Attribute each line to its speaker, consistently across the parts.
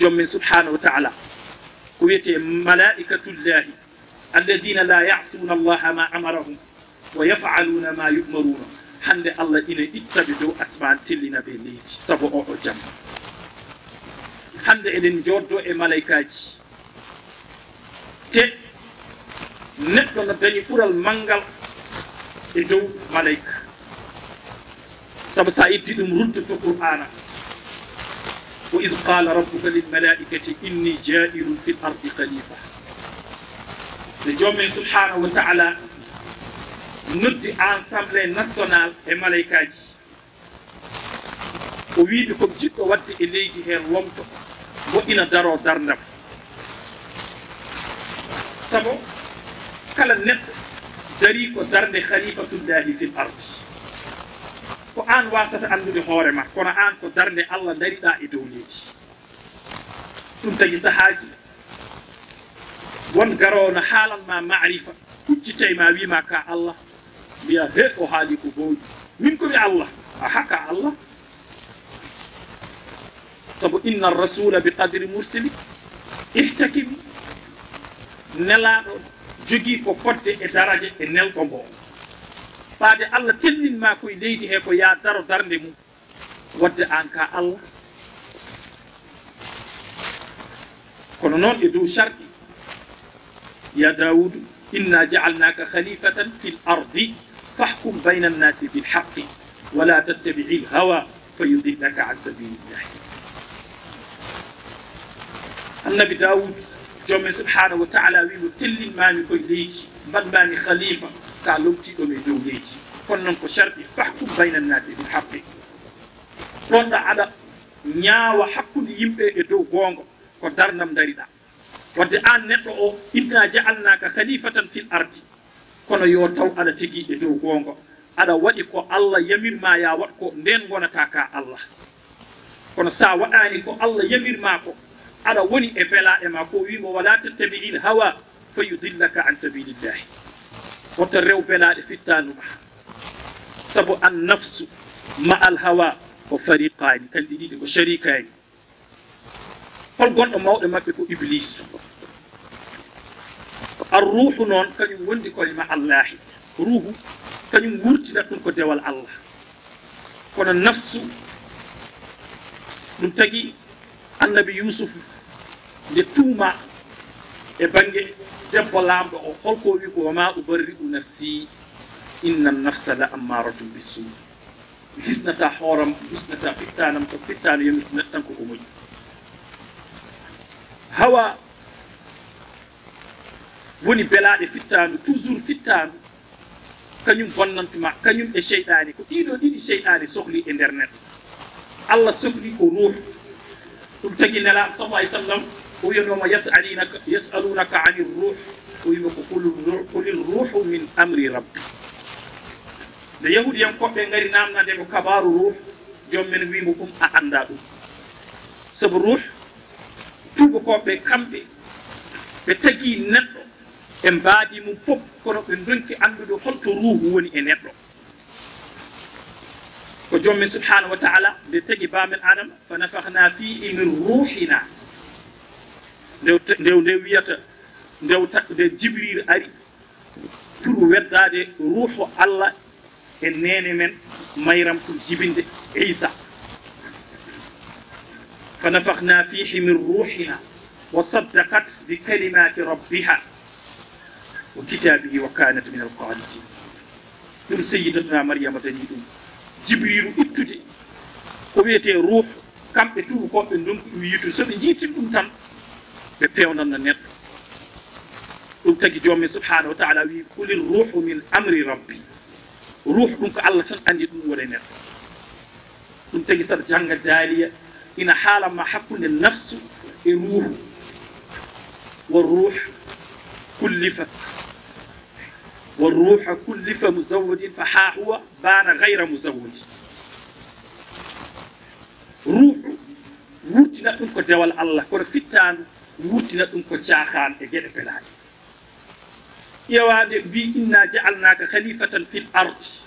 Speaker 1: جمن سبحانه وتعالى كويتي ملائكة الله الذين لا يعصون الله ما أمرهم ويفعلون ما يؤمرون حن الله إن اتبدوا أسماء تلنا بنيت سبو أو جمع حن إن جوردو إن ملائكة تي نبدو نبني أورا المنغل إدو ملائكة سبو سايد دي نمرد وإذ قال ربك للملائكة إني جائل في الأرض خليفة نجوم سبحانه وتعالى noddi assemblé national e malaykaji o wiiɓe koɓe jiɗɗo wadde e leydi heen wonto woɗɗina daro darndam sabu kala neɗɗo dari ko darde khalifatullahi fil ardi an wasata andude hoore ma kono an ko darnde allah dariɗa e dow leydi ɗum tagi sahaaji won garowno haalanma marifa huccitay ma wima ka allah mbiya he o haali ko bowɗi min komi allah aha ka allah saabu inna arrasula bi qadri mursili ihtakimi nelaɗo jogii ko fodde e daraje e nelgo ngoo faade allah tellinma koye leydi he ko ya daro darde mum wadde an ka allah kono noon e dow sharɗi ya dawudu inna jaalnaka khalifatan fi l ardi fahkum bayna annasi bilhaqi wala tattabii lhawa fayudillaka an sabilillahi annabi dawud jomen subhanahu wa taala wimo tellinmami koye leydi mbaɗmami khalifa ka lomtiɗoɓe dow leydi kono noon ko sharɓi fahkum bayna nnasi bil haqqi ɗonɗa aɗa ñaawa hakkude yimɓe e dow goonga ko darnam dariɗa wadde an neɗɗo o inna jaalnaka khalifatan fil ardi kono yo taw aɗa tigi e dow goonga aɗa waɗi ko allah yamirma ya waɗ ko nden gonata ka allah kono sa waɗani ko allah yamirma ko aɗa woni e bela e ma ko wimo wala tattabi il hawa fa yudillaka an sabilillahi وترو بلال في التانوبة سبو النفس مع الهواء وفريقين كان دي دي وشريكين قل قل أمو لما بيكو الروح نون كان يوند كل مع الله روح كان يمورت لكم كدوال الله كون النفس من تجي النبي يوسف لتوما e bange debbo laamɗo o holko wi ko wama ubarri'u nafsi inna nafsa la ammaratu bisu mi hisnata hooram hisnata fittanam so fittano yemiti neɗɗo tan koko moƴƴi hawa woni belaɗe fittandu toujours fittandu kañum bonnantuma kañum e cheyɗani ko ɗiɗo ɗiɗi cheyɗani sohli e nder neɗɗo allah sohli ko ruuhu ɗum tagi nelaɗo sallah ai sallam ويوم يسألينك يسألونك عن الروح ويقول الروح قل الروح من أمر ربي اليهود ينقوا بينغري نامنا دي كبار الروح جم من ويمكم أعندادو سب الروح توب كوبي كامبي بتجي نبو إمبادي مو بوب كنا بندونك أندو حلت روح وني نبو وجم من سبحانه وتعالى بتجي بامن آدم فنفخنا فيه من روحنا nde wiyata nde jibril ari pour weddade ruuhu allah e nene men mayram pour jibinde isa fa nafakna fihi min ruhina wa saddakat bi kalimati rabbiha wa kitabihi wa kanat min alqanitin ɗum seyyidatuna mariama dañi ɗum jibrilu ittude ko wiyete tan بيبيون النير قلت جومي سبحانه وتعالى كل الروح من امر ربي روح دونك الله تن اندي دون ولي نير قلت جي سر جانغ داليا ان حال ما حق النفس الروح والروح كلف والروح كلف مزود فحا هو بان غير مزود روح روح دونك دوال الله كور فيتان wurtina ɗum ko cakan e geɗe pelaɗe ƴewaɓe mbi inna jaalnaka halifatan fil ardi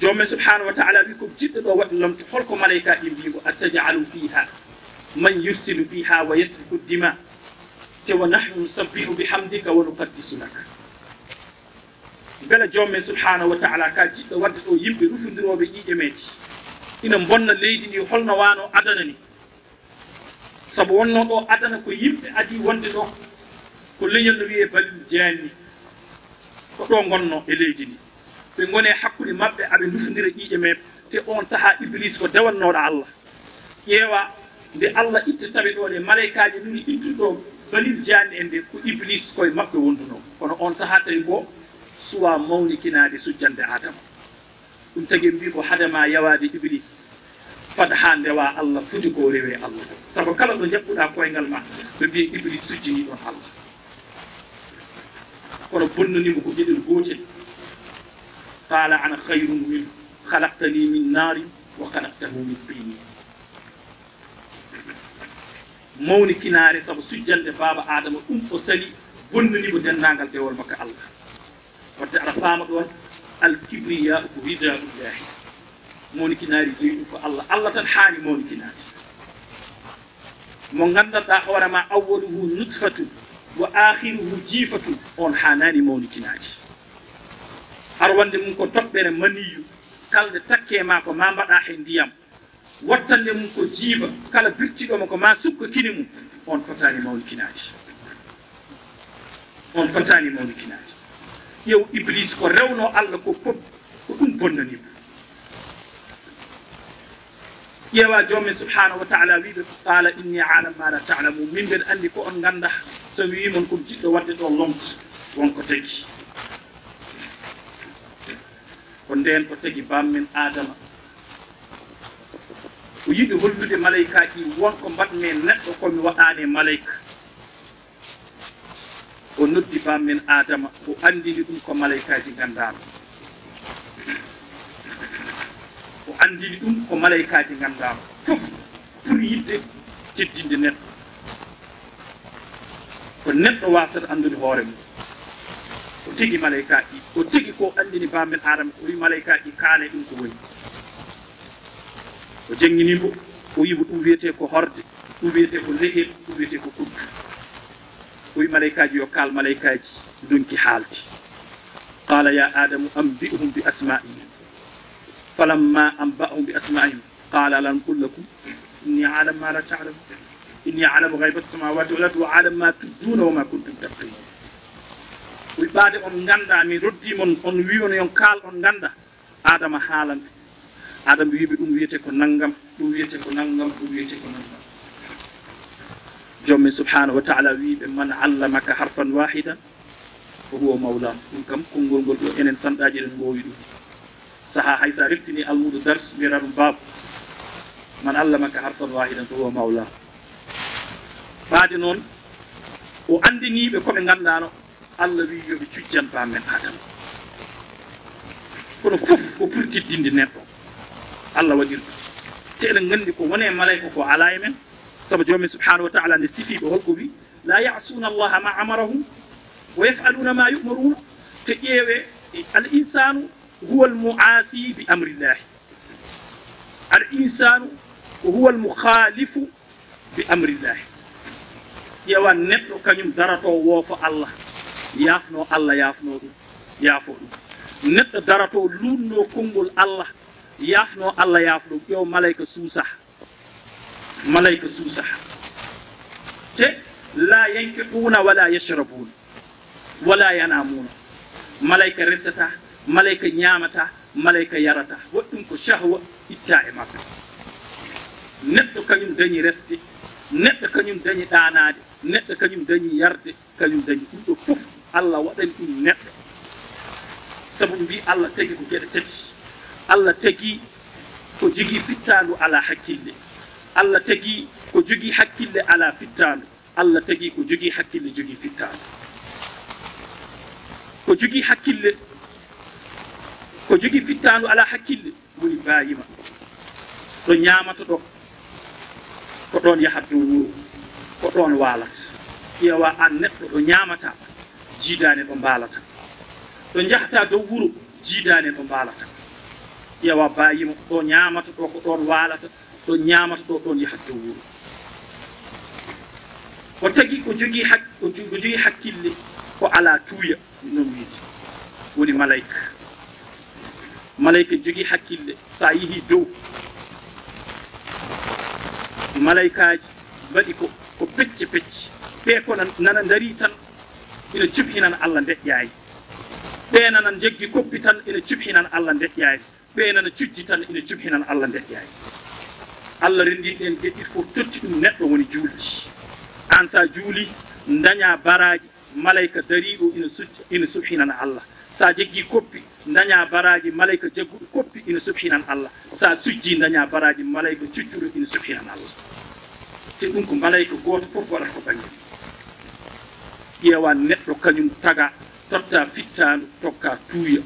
Speaker 1: jomme subhanahu wa taala wi ko jiɗɗo ɗo waɗi lomto holko malayika ɗi mbigo attajalu fiha man yusilu fiha wa yasfiku dima tewa nahnu nusabbihu bihamdika wa nukaddisunaka bela jomme subhanahu wa taala ka jiɗɗo wadde ɗo yimɓe rufodiroɓe ƴiƴe meji ina bonna leydi ndi holno wano adana ni sabu wonnoon ɗo adana ko yimɓe adi wonde ɗo ko leñol no wiye bal jaani ko ɗo gonno e leydi ndi ɓe gone hakkude maɓɓe aɓe dufodira ƴiiƴe me te on saaha iblise ko dewannoɗo allah ƴeewa nde allah ittataɓe ɗo nde malaikaji nuni ittuɗo balil jaani en nde ko iblise koye maɓɓe wonduno kono on saaha tawi bo suwa mawni kinaade sujjande adama ɗum tagi mbi ko hadama yawaade iblise فدحان دوا الله فدقو ريوي الله سبا كلا دو جبو دا كوين غلما ببي إبلي سجني دون الله كون بن نمو جد الغوتي قال أنا خير من خلقتني من نار وخلقته من بيني موني كناري سبا سجن دي بابا آدم أم أسلي بن نمو دن نانغل دي ورمك الله ودعرفامة دون الكبرياء وهداء الجاهل monikinaari jeyɗu ko allah allah tan haani monikinaade mo nganndanɗaa hoore ma awwaluhu nutfatu wo ahiruhu jiifatu on haanaani monikinaadi ar wande mum ko toɓɓere maniyu kalde takke ma ko ma mbaɗa he ndiyam wattande mum ko jiiba kala birtiɗoma ko ma sukka kini mum on fotaani mawnikinaadi on fotaani mawnikinaadi yow iblise ko rewno allah ko pop ko ɗum bonnanimo يوا جومي سبحانه وتعالى ويد قال اني عالم ما لا تعلم من بين اني كو ان غاندا سوي من كون جيت وات دو لونت وون كو تيغي كون دين كو تيغي بام من ادم ويد هولدو دي ملائكاتي وون كو بات مي نيت كو مي واتاني ملائك ونودي بام من ادم و اندي دي كو ملائكاتي غاندا andini dum ko malaikaaji gandama fof pour yidde teddinde neɗɗo ko neɗɗo wasata andude hoore mum o tigi malaika ɗi o tigi ko andini bamen adama o wi malaika ɗi kaale ɗum ko woni o jangginimo o wiimo ɗum wiyete ko horde ɗum wiyete ko lehe ɗum wiyete ko kuddu o wi malaikaji yo kaal malaikaji donki halti qala ya adamu ambi'uhum bi asma'ihim falamma ambahum bi asmahim qala alam qul lakum inni alam ma la talamu inni alamu gayba asamawati wa lardi wa alam ma tubduna wa ma kuntum taqin wi ɓaade on ngannda mi roddi mon on wiwon yon kaal on ngannda adama haalanɓe adama wiɓe ɗum wiyete ko nanngam ɗum wiyete ko nanngam ɗum wiyete ko nanngam jommi subhanahu wa taala wiɓe man allamaka harfan wahida fo huwa mawlam ɗum kam konngol ngol ɗo enen sanɗaji eɗen mboowi ɗum صحاحي عرفتني ألمود درس من الباب من علمك حرفا واحدا فهو مولاه بعد نون وعندني بكم إن الله الله بيجي تشجن بامن آدم kono fof ko pour teddinde neɗɗo allah waɗiri ɗum te eɗen nganndi ko woni e malayka ko ala e men sabu joomi subhanahu wa taala nde sifiɓe holko wi la yasuna allaha ma amarahum wa yafaluna ma yumaruna te ƴeewe al insanu هو المعاصي بأمر الله الإنسان هو المخالف بأمر الله يوا نتو كنم دارتو ووف الله يافنو الله يافنو يافنو يافو دو نت دراتو لونو كنغل الله يافنو الله يافنو يو ملايك سوسا ملايك سوسا تي لا ينكحون ولا يشربون ولا ينامون ملايك رسطة malayka ñaamata malayka yarata waɗɗum ko cahwa itta e makko neɗɗo kañum dañi resde neɗɗo kañum dañi ɗanade neɗɗo kañum dañi yarde kañum dañi ɗum ɗo fof allah waɗani ɗum neɗɗo sabu mbi allah tagi ko geɗe tati allah tagi ko jogui fittandu ala hakkille allah tagi ko jogui hakkille ala fittandu allah tagi ko jogui hakkille jogui fittandu ko jogui hakkille ko jogi fittandu ala hakkille woni bayima to ñamata ɗo ko ɗon yahat dow wuro ko ɗon walata ƴewa an neɗɗo ɗo ñamata jidane ɗo mbalata ɗo jahata dow wuro jidane ɗo mbalata ƴewa bayima ɗo ñamata ɗo ko ɗon walata ɗo ñamata ɗo ɗon yahat dow wuro o tagui ko jogi hak ko jogi hakkille ko ala tuuya non wiide woni malayka malayka jogi hakkille sa yeehi dow malaykaji mbaɗi ko ko pecce pecce ɓeeko nana dari tan ina cuɓhinana allah ndeƴƴaayi ɓeenana jeggi koppi tan ina cuɓhinana allah ndeƴƴaayi ɓeenana cujji tan ina cuɓhinana allah ndeƴƴaayi allah renndinɗen geɗɗi fof totti ɗum neɗɗo woni juuldi an sa juuli daña baraji malayka dariɗo ina suj ina suɓhinana allah sa jeggi koppi daña baraji malayka jagguɗo koppi ina subhinan allah sa sujji daña baraji malayka cuccuɗo ina subhinan allah te ɗum ko malayka goto fof waɗata ko bangel ƴeewa neɗɗo kañum taga totta fittandu tokka tuuya